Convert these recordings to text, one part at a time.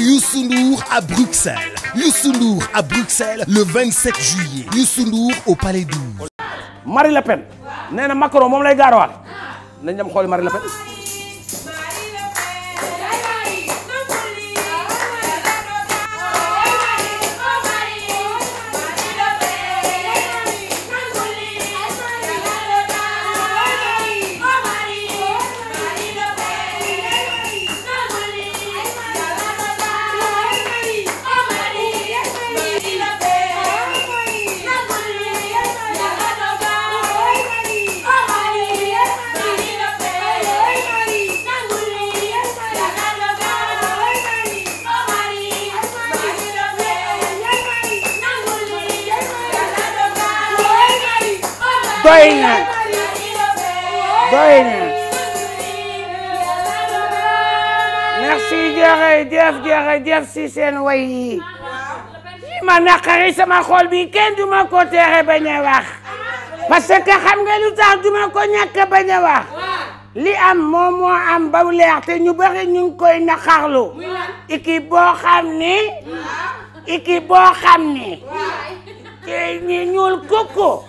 Youssou Ndour à Bruxelles Youssou Ndour à Bruxelles le 27 juillet Youssou Ndour au Palais 12. Marie Le Pen nee na Macron moom lay gaarawaale nañ dem xooli Marie la Pen. doy na doy na merci jërëjëf jërëjëf si seen way yi ma naqari sama xol bi kenn du ko tere bañ a wax parce que xam nga lu tax du ko ñàkk bañ a wax li am moom moo am ba leer te ñu bari ñu ngi koy naqarlu équipe boo xam ni équipe boo xam ni ñuul kukku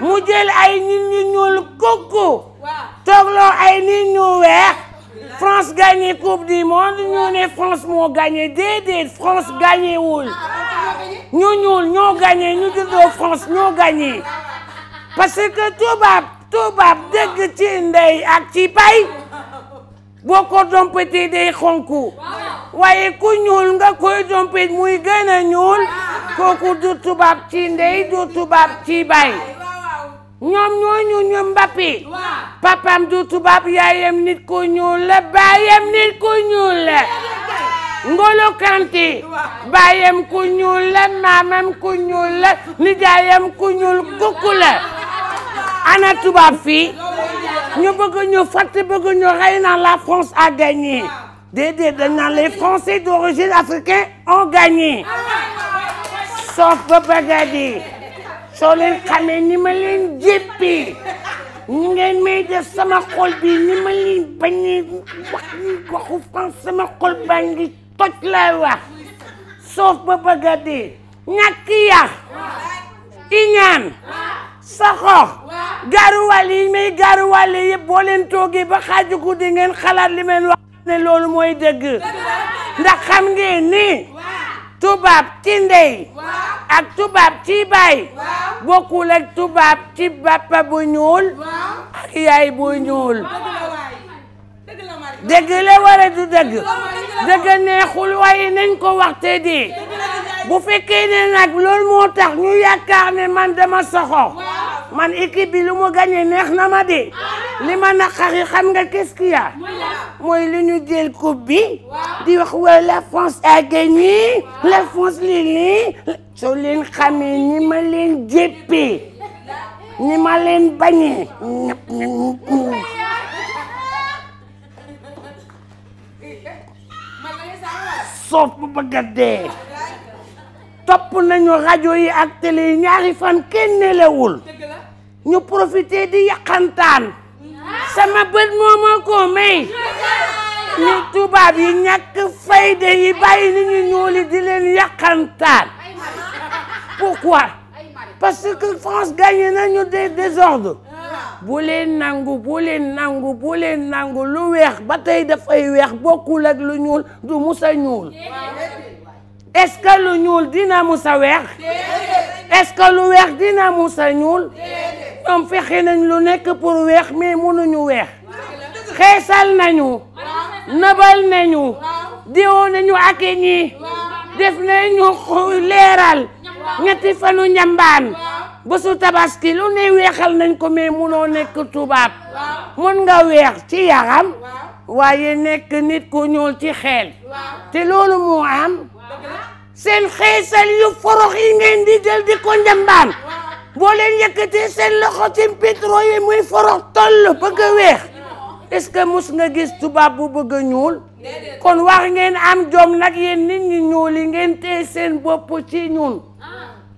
mu jël ay nit ñu ñuul kukku toogloo ay nit ñu weex France gagné coupe du monde ñu ne France moo gagné déedéet France gagné ñu ñuul ñoo gagné ñu juddoo France ñoo gagné parce que tubaab tubaab dëgg ci ndey ak ci bay boo ko dompetee day xonku waaye ku ñuul nga koy dompet muy gën a ñuul kooku du tubaab ci ndey du tubaab ci bay ñoom ñooñu ñu Mbappé. papam du tubaab yaayam nit ku ñuul la baayam nit ku ñuul la. Ngolo Kanté. baayam ku ñuul la maamam ku ñuul la nijaayam ku ñuul kukku la. ana tubaab fii. ñu bëgg ñu fàtte bëgg ñu xëy na la France a gagné. déedéet dañ naan les Français d'origine africaine ont gagné. Ah sauf ba Bagdadi. soo xamee ni ma leen ni ngeen may def sama xol bi ni ma leen bañee wax waxu France sama xol baa ngi toj wax soof ba bëgg a dee ñàkk yar iñaan saxoox garuwàll yi may garuwàll yëpp boo leen toogee ba xaaju ngeen xalaat li meen wax ne loolu mooy dëgg ndax xam ngeen ni tubaab ci ndey ak tubaab ci baay bokkul ak tubaab ci bàppa bu ñuul ak yaay bu ñuul dëgg la wara du dëgg dëgg neexul waaye nañ ko waxte di bu fekkee ne nag loolu moo tax ñu yaakaar ne man dama soxo man équipe bi lu mu gagné neex na ma di ah. li ma naqari xam nga qu'est-ce qu'il mooy lu ñu jël coupe bi di wax wala la France a gagné la France lii lii soo leen xamee ni ma leen jéppee ni ma leen bañee soof bu bëgg dee topp nañu rajo yi ak télé yi ñaari fan kenn nelawul ñu profité di yàqantaan sama bët moomoo ko may ñu tubaab yi ñàkk fayda yi bàyyi ni ñu ñuuli di leen yàqantaan pourquoi parce que France gagné nañu des désordres bu leen nangu bu leen nangu bu leen nangu lu weex ba tey dafay weex bokkul ak lu ñuul du musa ñuul est-ce que lu ñuul dina musa weex est lu weex dina musa ñuul ñoom fexe nañu lu nekk pour weex mais mënuñu weex xeesal nañu nabal nañu diwoo nañu ak ñi def nañu leeral ñetti fanu njambaan bésu tabaski lu ne weexal nañ ko mais munoo nekk tubaab mun nga weex ci yaram waaye nekk nit ko ñuul ci xel te loolu moo am seen xeesal yu forox yi ngeen di jël di ko njambaan boo leen yëkkatee seen loxo ci pétro yi muy forox toll bëgg a weex est-ce que mus nga gis tubaab bu bëgg a ñuul kon wax ngeen am jom nag yéen nit ñi ñuul yi ngeen téye seen bopp ci ñun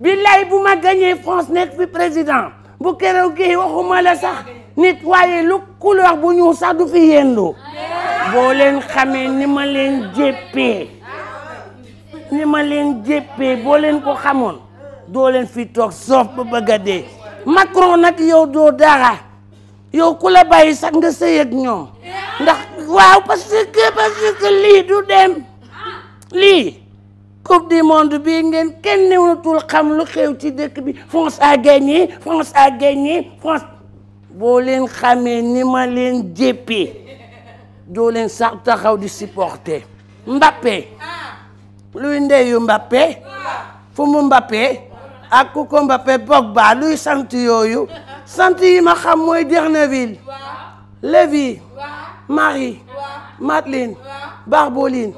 billaay bu ma gañee France nekk fi président bu keroog gi waxuma la sax nit waaye lu couleur bu ñuul sax du fi yendoo boo leen xamee ni ma leen jéppee ni ma leen jéppee boo leen ko xamoon doo leen fi toog soof ba bëgg a Macron nag yow doo dara yow ku la bàyyi sax nga sëy ak ñoom ndax waaw parce que parce que lii du dem lii coupe du monde bii ngeen kenn newatul xam lu xew ci dëkk bi France a gagné France a gagné France boo xamee ni ma leen jéppee doo leen sax taxaw di supporter Mbappé ah. luy ndeyu Mbappé ah. fu mu Mbappé ak ku Mbappé Pogba luy sant yooyu sant yi ma xam mooy Derneville Lévi Marie Madeleine Barboline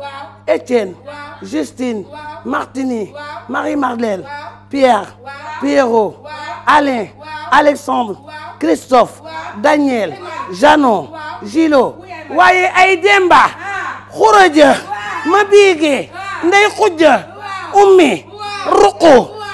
Étienne Justine Martini Marie-Madeleine Pierre Pierrot Alain Alexandre Christophe Daniel Janon Gilo waaye ay Demba Xuraja Mabige Ndey Xujja Ummi Ruqu